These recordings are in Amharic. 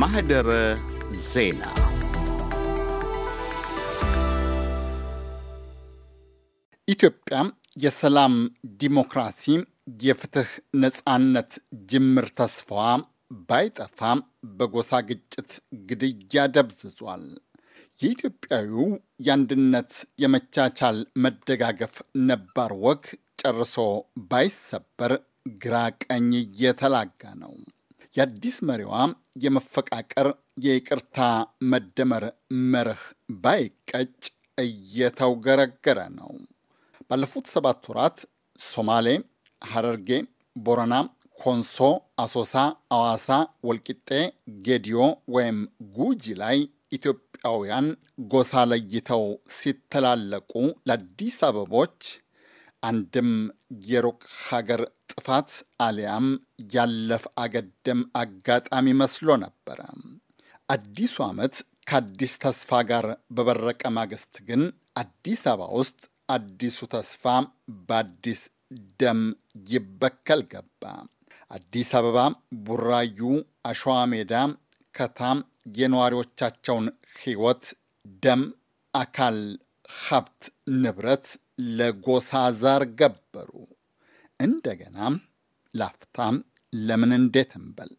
ማህደረ ዜና ኢትዮጵያ የሰላም ዲሞክራሲ፣ የፍትህ ነፃነት ጅምር ተስፋዋ ባይጠፋ በጎሳ ግጭት ግድያ ደብዝዟል። የኢትዮጵያዊው የአንድነት የመቻቻል መደጋገፍ ነባር ወግ ጨርሶ ባይሰበር ግራ ቀኝ እየተላጋ ነው። የአዲስ መሪዋ የመፈቃቀር የይቅርታ መደመር መርህ ባይቀጭ እየተውገረገረ ነው። ባለፉት ሰባት ወራት ሶማሌ፣ ሐረርጌ፣ ቦረና፣ ኮንሶ፣ አሶሳ፣ አዋሳ፣ ወልቂጤ፣ ጌዲዮ ወይም ጉጂ ላይ ኢትዮጵያውያን ጎሳ ለይተው ሲተላለቁ ለአዲስ አበቦች አንድም የሩቅ ሀገር ጥፋት አሊያም ያለፍ አገደም አጋጣሚ መስሎ ነበረ። አዲሱ ዓመት ከአዲስ ተስፋ ጋር በበረቀ ማግስት ግን አዲስ አበባ ውስጥ አዲሱ ተስፋ በአዲስ ደም ይበከል ገባ። አዲስ አበባ፣ ቡራዩ፣ አሸዋ ሜዳ፣ ከታም የነዋሪዎቻቸውን ህይወት ደም፣ አካል ሀብት ንብረት ለጎሳ ዛር ገበሩ። እንደገናም ላፍታም ለምን እንዴት እንበል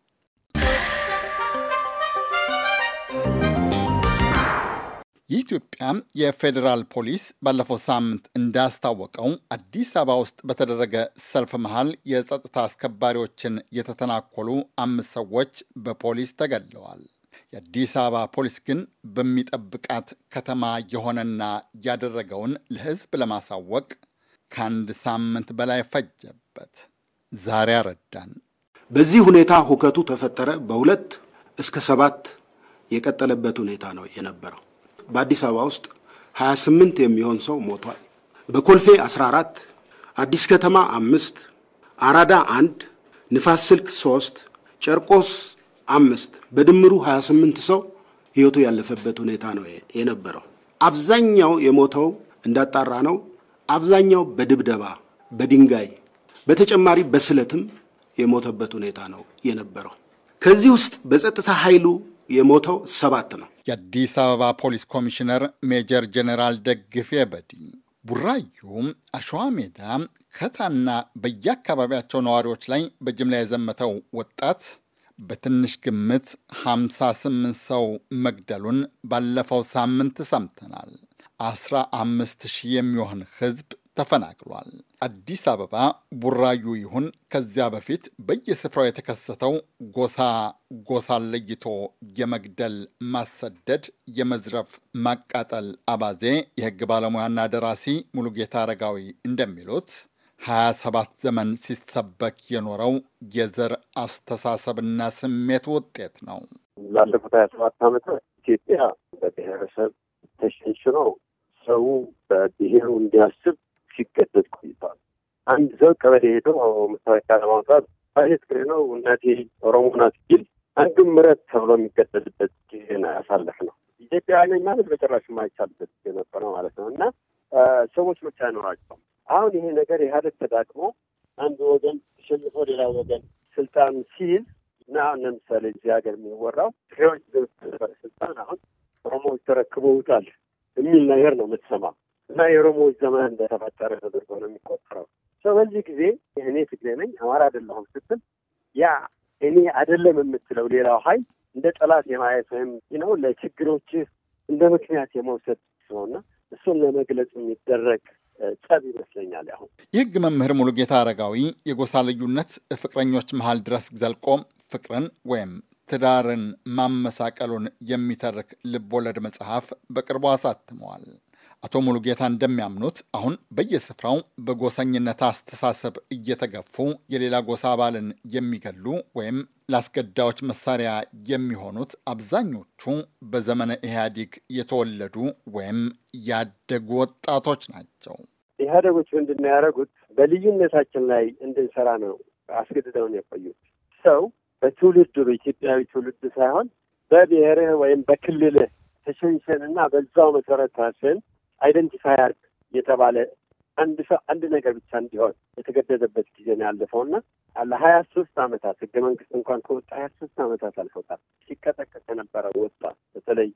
የኢትዮጵያ የፌዴራል ፖሊስ ባለፈው ሳምንት እንዳስታወቀው አዲስ አበባ ውስጥ በተደረገ ሰልፍ መሃል የጸጥታ አስከባሪዎችን የተተናኮሉ አምስት ሰዎች በፖሊስ ተገድለዋል። የአዲስ አበባ ፖሊስ ግን በሚጠብቃት ከተማ የሆነና ያደረገውን ለሕዝብ ለማሳወቅ ከአንድ ሳምንት በላይ ፈጀበት። ዛሬ አረዳን። በዚህ ሁኔታ ሁከቱ ተፈጠረ። በሁለት እስከ ሰባት የቀጠለበት ሁኔታ ነው የነበረው። በአዲስ አበባ ውስጥ 28 የሚሆን ሰው ሞቷል። በኮልፌ 14፣ አዲስ ከተማ አምስት፣ አራዳ አንድ፣ ንፋስ ስልክ ሶስት፣ ጨርቆስ አምስት በድምሩ 28 ሰው ህይወቱ ያለፈበት ሁኔታ ነው የነበረው። አብዛኛው የሞተው እንዳጣራ ነው። አብዛኛው በድብደባ በድንጋይ በተጨማሪ በስለትም የሞተበት ሁኔታ ነው የነበረው። ከዚህ ውስጥ በጸጥታ ኃይሉ የሞተው ሰባት ነው። የአዲስ አበባ ፖሊስ ኮሚሽነር ሜጀር ጀኔራል ደግፌ በዲ ቡራዩ፣ አሸዋ ሜዳ፣ ከታና በየአካባቢያቸው ነዋሪዎች ላይ በጅምላ የዘመተው ወጣት በትንሽ ግምት 58 ሰው መግደሉን ባለፈው ሳምንት ሰምተናል። 15 ሺህ የሚሆን ህዝብ ተፈናቅሏል። አዲስ አበባ ቡራዩ ይሁን ከዚያ በፊት በየስፍራው የተከሰተው ጎሳ ጎሳን ለይቶ የመግደል፣ ማሰደድ፣ የመዝረፍ፣ ማቃጠል አባዜ የህግ ባለሙያና ደራሲ ሙሉጌታ አረጋዊ እንደሚሉት 27 ዘመን ሲሰበክ የኖረው የዘር አስተሳሰብና ስሜት ውጤት ነው። ላለፉት 27 ዓመታት ኢትዮጵያ በብሔረሰብ ተሸንሽኖ ሰው በብሔሩ እንዲያስብ ሲገደድ ቆይቷል። አንድ ሰው ቀበሌ ሄዶ መታወቂያ ለማውጣት ባሌት ክሬ ነው እናቴ ኦሮሞ ናት ሲል አንዱም ምረት ተብሎ የሚገደድበት ጊዜ ነው ያሳለፍ ነው። ኢትዮጵያ ነኝ ማለት በጭራሽ የማይቻልበት ጊዜ ነበረ ማለት ነው እና ሰዎች ብቻ አይኖራቸውም። አሁን ይሄ ነገር ኢህአዴግ ተዳቅሞ አንድ ወገን ተሸንፎ ሌላ ወገን ስልጣን ሲይዝ እና አሁን ለምሳሌ እዚህ ሀገር የሚወራው ትሬዎች ስልጣን አሁን ኦሮሞዎች ተረክበውታል የሚል ነገር ነው የምትሰማው እና የኦሮሞዎች ዘመን እንደተፈጠረ ተደርጎ ነው የሚቆጠረው። ሰው በዚህ ጊዜ እኔ ትግሬ ነኝ አማራ አይደለሁም ስትል ያ እኔ አይደለም የምትለው ሌላው ሀይል እንደ ጠላት የማየት ወይም ነው ለችግሮች እንደ ምክንያት የመውሰድ ስለሆነ እሱን ለመግለጽ የሚደረግ ጸብ ይመስለኛል። አሁን የህግ መምህር ሙሉጌታ አረጋዊ የጎሳ ልዩነት ፍቅረኞች መሀል ድረስ ዘልቆ ፍቅርን ወይም ትዳርን ማመሳቀሉን የሚተርክ ልቦለድ መጽሐፍ በቅርቡ አሳትመዋል። አቶ ሙሉጌታ እንደሚያምኑት አሁን በየስፍራው በጎሰኝነት አስተሳሰብ እየተገፉ የሌላ ጎሳ አባልን የሚገሉ ወይም ለአስገዳዮች መሳሪያ የሚሆኑት አብዛኞቹ በዘመነ ኢህአዴግ የተወለዱ ወይም ያደጉ ወጣቶች ናቸው። ኢህአደጎች ምንድን ያደረጉት በልዩነታችን ላይ እንድንሰራ ነው አስገድደውን የቆዩት። ሰው በትውልድ በኢትዮጵያዊ ትውልድ ሳይሆን በብሔርህ ወይም በክልልህ ተሸንሸን እና በዛው መሰረት ራስን አይደንቲፋይ የተባለ አንድ ሰው አንድ ነገር ብቻ እንዲሆን የተገደደበት ጊዜ ነው ያለፈው እና ለሀያ ሶስት አመታት ህገ መንግስት እንኳን ከወጣ ሀያ ሶስት አመታት አልፈውታል። ሲቀጠቀጥ የነበረው ወጣ በተለይ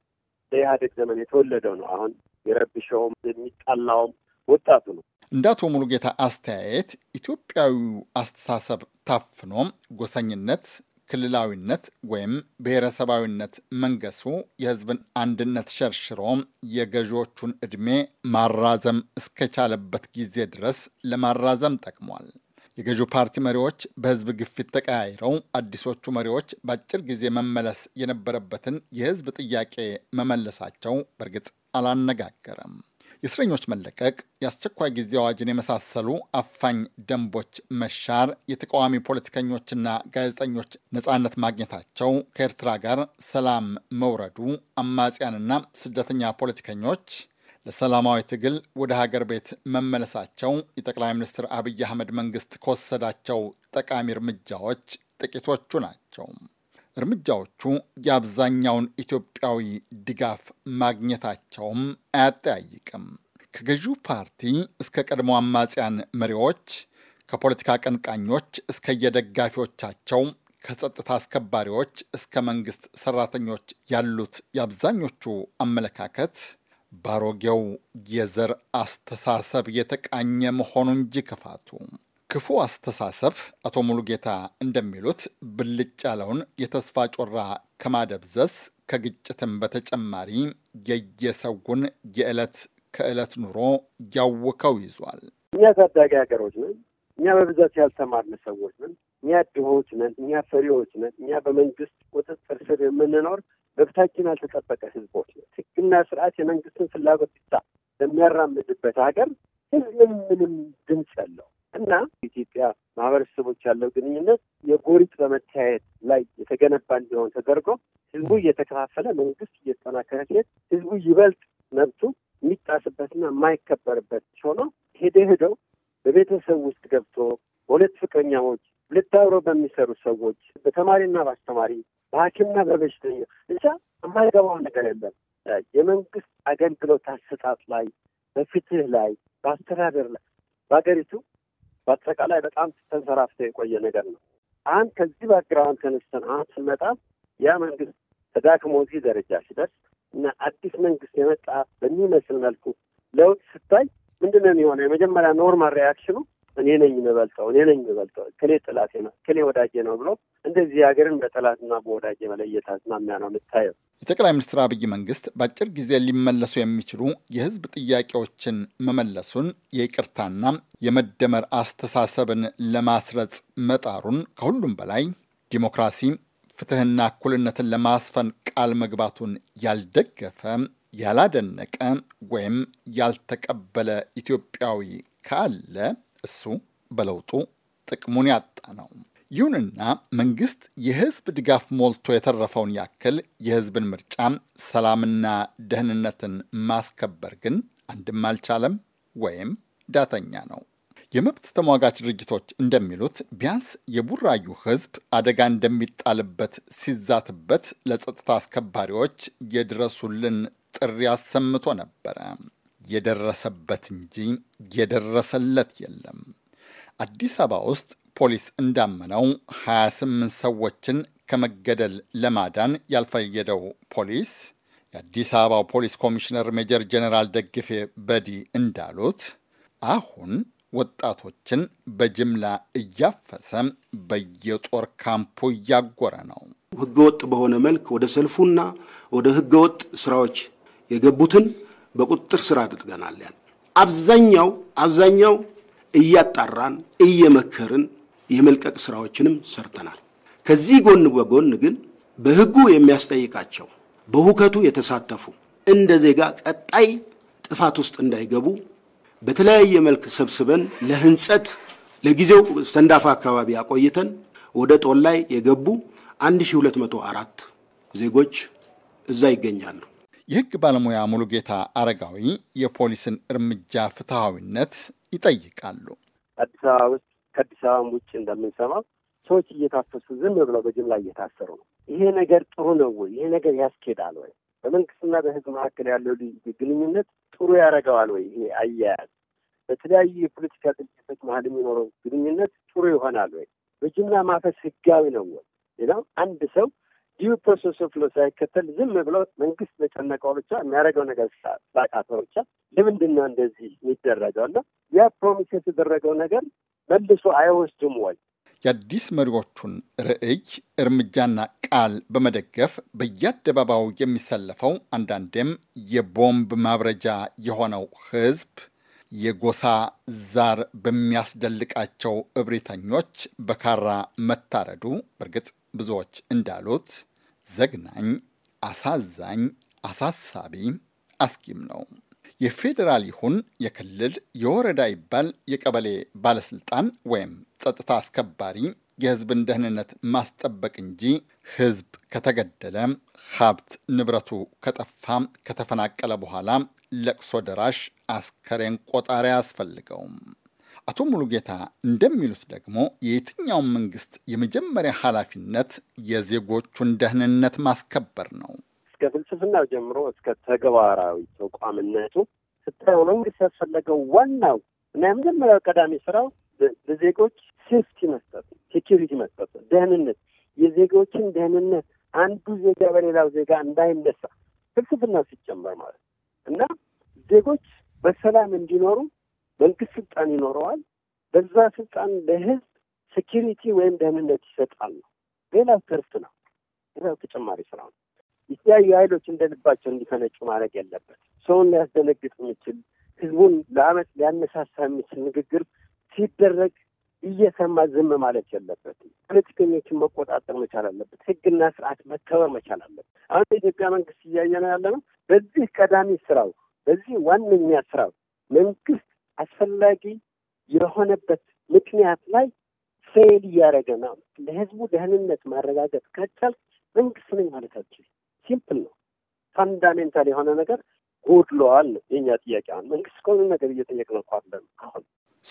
በኢህአዴግ ዘመን የተወለደው ነው። አሁን የረብሸውም የሚጣላውም ወጣቱ ነው። እንደ አቶ ሙሉጌታ አስተያየት ኢትዮጵያዊ አስተሳሰብ ታፍኖ ጎሰኝነት፣ ክልላዊነት ወይም ብሔረሰባዊነት መንገሱ የሕዝብን አንድነት ሸርሽሮ የገዢዎቹን ዕድሜ ማራዘም እስከቻለበት ጊዜ ድረስ ለማራዘም ጠቅሟል። የገዢው ፓርቲ መሪዎች በህዝብ ግፊት ተቀያይረው አዲሶቹ መሪዎች በአጭር ጊዜ መመለስ የነበረበትን የህዝብ ጥያቄ መመለሳቸው በእርግጥ አላነጋገረም። የእስረኞች መለቀቅ፣ የአስቸኳይ ጊዜ አዋጅን የመሳሰሉ አፋኝ ደንቦች መሻር፣ የተቃዋሚ ፖለቲከኞችና ጋዜጠኞች ነጻነት ማግኘታቸው፣ ከኤርትራ ጋር ሰላም መውረዱ፣ አማጽያንና ስደተኛ ፖለቲከኞች ለሰላማዊ ትግል ወደ ሀገር ቤት መመለሳቸው የጠቅላይ ሚኒስትር አብይ አህመድ መንግስት ከወሰዳቸው ጠቃሚ እርምጃዎች ጥቂቶቹ ናቸው። እርምጃዎቹ የአብዛኛውን ኢትዮጵያዊ ድጋፍ ማግኘታቸውም አያጠያይቅም። ከገዢው ፓርቲ እስከ ቀድሞ አማጽያን መሪዎች፣ ከፖለቲካ ቀንቃኞች እስከ የደጋፊዎቻቸው፣ ከጸጥታ አስከባሪዎች እስከ መንግስት ሰራተኞች ያሉት የአብዛኞቹ አመለካከት ባሮጌው የዘር አስተሳሰብ የተቃኘ መሆኑ እንጂ ክፋቱ ክፉ አስተሳሰብ አቶ ሙሉጌታ እንደሚሉት ብልጭ ያለውን የተስፋ ጮራ ከማደብዘዝ ከግጭትም በተጨማሪ የየሰውን የዕለት ከዕለት ኑሮ ያውከው ይዟል። እኛ ታዳጊ ሀገሮች ነን። እኛ በብዛት ያልተማርን ሰዎች ነን። እኛ ድሆች ነን። እኛ ፈሪዎች ነን። እኛ በመንግስት ቁጥጥር ስር የምንኖር መብታችን ያልተጠበቀ ህዝቦች ነን። ህግና ስርዓት የመንግስትን ፍላጎት ብቻ ለሚያራምድበት ሀገር ህዝብ ምንም ድምፅ ያለው እና ኢትዮጵያ ማህበረሰቦች ያለው ግንኙነት የጎሪጥ በመተያየት ላይ የተገነባ እንዲሆን ተደርጎ ህዝቡ እየተከፋፈለ መንግስት እየተጠናከረ ሲሄድ ህዝቡ ይበልጥ መብቱ የሚጣስበትና የማይከበርበት ሆኖ ሄደ ሄደው በቤተሰብ ውስጥ ገብቶ በሁለት ፍቅረኛዎች ሁለት በሚሰሩ ሰዎች፣ በተማሪና በአስተማሪ፣ በሐኪምና በበሽተኛ ብቻ የማይገባው ነገር የለም። የመንግስት አገልግሎት አሰጣጥ ላይ፣ በፍትህ ላይ፣ በአስተዳደር ላይ በሀገሪቱ በአጠቃላይ በጣም ተንሰራፍተ የቆየ ነገር ነው። አንድ ከዚህ ባግራውንድ ተነስተን አሁን ስንመጣ ያ መንግስት ተዳክሞ እዚህ ደረጃ ሲደርስ እና አዲስ መንግስት የመጣ በሚመስል መልኩ ለውጥ ስታይ ምንድነው ነው የሚሆነው? የመጀመሪያ ኖርማል ሪያክሽኑ እኔ ነኝ የምበልጠው፣ እኔ ነኝ የምበልጠው፣ ክሌ ጥላቴ ነው፣ ክሌ ወዳጄ ነው ብሎ እንደዚህ ሀገርን በጠላትና በወዳጄ መለየት አዝማሚያ ነው የምታየው። የጠቅላይ ሚኒስትር አብይ መንግስት በአጭር ጊዜ ሊመለሱ የሚችሉ የህዝብ ጥያቄዎችን መመለሱን የይቅርታና የመደመር አስተሳሰብን ለማስረጽ መጣሩን ከሁሉም በላይ ዲሞክራሲ ፍትህና እኩልነትን ለማስፈን ቃል መግባቱን ያልደገፈ ያላደነቀ ወይም ያልተቀበለ ኢትዮጵያዊ ካለ እሱ በለውጡ ጥቅሙን ያጣ ነው። ይሁንና መንግስት የህዝብ ድጋፍ ሞልቶ የተረፈውን ያክል የህዝብን ምርጫ፣ ሰላምና ደህንነትን ማስከበር ግን አንድም አልቻለም ወይም ዳተኛ ነው። የመብት ተሟጋች ድርጅቶች እንደሚሉት ቢያንስ የቡራዩ ህዝብ አደጋ እንደሚጣልበት ሲዛትበት ለጸጥታ አስከባሪዎች የድረሱልን ጥሪ አሰምቶ ነበረ። የደረሰበት እንጂ የደረሰለት የለም። አዲስ አበባ ውስጥ ፖሊስ እንዳመነው 28 ሰዎችን ከመገደል ለማዳን ያልፈየደው ፖሊስ የአዲስ አበባው ፖሊስ ኮሚሽነር ሜጀር ጀኔራል ደግፌ በዲ እንዳሉት አሁን ወጣቶችን በጅምላ እያፈሰ በየጦር ካምፑ እያጎረ ነው። ህገወጥ በሆነ መልክ ወደ ሰልፉና ወደ ህገወጥ ስራዎች የገቡትን በቁጥጥር ስራ አድርገናል። ያል አብዛኛው አብዛኛው እያጣራን እየመከርን የመልቀቅ ስራዎችንም ሰርተናል። ከዚህ ጎን በጎን ግን በህጉ የሚያስጠይቃቸው በሁከቱ የተሳተፉ እንደ ዜጋ ቀጣይ ጥፋት ውስጥ እንዳይገቡ በተለያየ መልክ ሰብስበን ለህንጸት ለጊዜው ሰንዳፋ አካባቢ አቆይተን ወደ ላይ የገቡ 1204 ዜጎች እዛ ይገኛሉ። የህግ ባለሙያ ሙሉጌታ አረጋዊ የፖሊስን እርምጃ ፍትሐዊነት ይጠይቃሉ። አዲስ አበባ ውስጥ ከአዲስ አበባም ውጭ እንደምንሰማው ሰዎች እየታፈሱ ዝም ብለው በጅምላ እየታሰሩ ነው። ይሄ ነገር ጥሩ ነው ወይ? ይሄ ነገር ያስኬዳል ወይ? በመንግስትና በህዝብ መካከል ያለው ግንኙነት ጥሩ ያደርገዋል ወይ? ይሄ አያያዝ በተለያዩ የፖለቲካ ድርጅቶች መሀል የሚኖረው ግንኙነት ጥሩ ይሆናል ወይ? በጅምላ ማፈስ ህጋዊ ነው ወይ? ሌላው አንድ ሰው ዲዩ ፕሮሰስ ኦፍ ሎ ሳይከተል ዝም ብሎ መንግስት በጨነቀው ብቻ የሚያደርገው ነገር ባቃተው ብቻ ለምንድን ነው እንደዚህ የሚደረገው? እና ያ ፕሮሚስ የተደረገው ነገር መልሶ አይወስድም ወይ? የአዲስ መሪዎቹን ርዕይ እርምጃና ቃል በመደገፍ በየአደባባዩ የሚሰለፈው አንዳንዴም የቦምብ ማብረጃ የሆነው ህዝብ የጎሳ ዛር በሚያስደልቃቸው እብሪተኞች በካራ መታረዱ በእርግጥ ብዙዎች እንዳሉት ዘግናኝ፣ አሳዛኝ፣ አሳሳቢ፣ አስጊም ነው። የፌዴራል ይሁን የክልል የወረዳ ይባል የቀበሌ ባለስልጣን ወይም ጸጥታ አስከባሪ የህዝብን ደህንነት ማስጠበቅ እንጂ ህዝብ ከተገደለ፣ ሀብት ንብረቱ ከጠፋ፣ ከተፈናቀለ በኋላ ለቅሶ ደራሽ አስከሬን ቆጣሪ አያስፈልገውም። አቶ ሙሉጌታ እንደሚሉት ደግሞ የየትኛውም መንግስት የመጀመሪያ ኃላፊነት የዜጎቹን ደህንነት ማስከበር ነው። እስከ ፍልስፍናው ጀምሮ እስከ ተግባራዊ ተቋምነቱ ስታየው መንግስት ያስፈለገው ዋናው እና የመጀመሪያው ቀዳሚ ስራው ለዜጎች ሴፍቲ መስጠት፣ ሴኪሪቲ መስጠት፣ ደህንነት የዜጎችን ደህንነት አንዱ ዜጋ በሌላው ዜጋ እንዳይነሳ ፍልስፍናው ሲጨመር ማለት እና ዜጎች በሰላም እንዲኖሩ መንግስት ስልጣን ይኖረዋል። በዛ ስልጣን ለህዝብ ሴኪሪቲ ወይም ደህንነት ይሰጣል ነው። ሌላ ትርፍ ነው። ሌላው ተጨማሪ ስራ ነው። የተለያዩ ኃይሎች እንደ ልባቸው እንዲፈነጩ ማድረግ ያለበት ሰውን ሊያስደነግጥ የሚችል ህዝቡን ለአመት ሊያነሳሳ የሚችል ንግግር ሲደረግ እየሰማ ዝም ማለት የለበትም። ፖለቲከኞችን መቆጣጠር መቻል አለበት። ህግና ስርዓት መከበር መቻል አለበት። አሁን የኢትዮጵያ መንግስት እያየ ነው ያለ ነው። በዚህ ቀዳሚ ስራው፣ በዚህ ዋነኛ ስራው መንግስት አስፈላጊ የሆነበት ምክንያት ላይ ፌል እያደረገ ነው። ለህዝቡ ደህንነት ማረጋገጥ ከቻል መንግስት ነኝ ማለት አልችልም። ሲምፕል ነው። ፋንዳሜንታል የሆነ ነገር ጎድለዋል። የኛ ጥያቄ አሁን መንግስት ከሆነ ነገር እየጠየቅ ነው ኳለን አሁን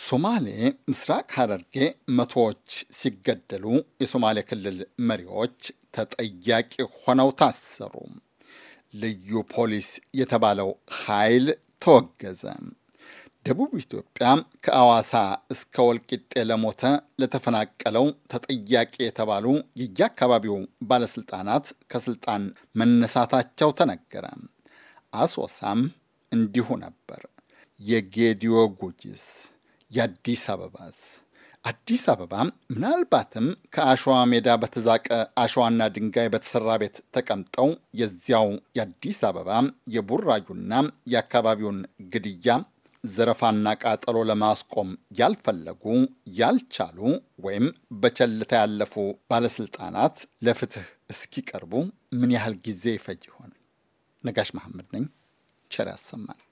ሶማሌ ምስራቅ ሐረርጌ መቶዎች ሲገደሉ የሶማሌ ክልል መሪዎች ተጠያቂ ሆነው ታሰሩ። ልዩ ፖሊስ የተባለው ኃይል ተወገዘ። ደቡብ ኢትዮጵያ ከአዋሳ እስከ ወልቂጤ ለሞተ ለተፈናቀለው ተጠያቂ የተባሉ የየአካባቢው ባለስልጣናት ከስልጣን መነሳታቸው ተነገረ። አሶሳም እንዲሁ ነበር። የጌዲዮ ጉጂስ? የአዲስ አበባስ? አዲስ አበባ ምናልባትም ከአሸዋ ሜዳ በተዛቀ አሸዋና ድንጋይ በተሰራ ቤት ተቀምጠው የዚያው የአዲስ አበባ የቡራዩና የአካባቢውን ግድያ ዘረፋና ቃጠሎ ለማስቆም ያልፈለጉ፣ ያልቻሉ ወይም በቸልታ ያለፉ ባለስልጣናት ለፍትህ እስኪቀርቡ ምን ያህል ጊዜ ይፈጅ ይሆን? ነጋሽ መሐመድ ነኝ። ቸር ያሰማን።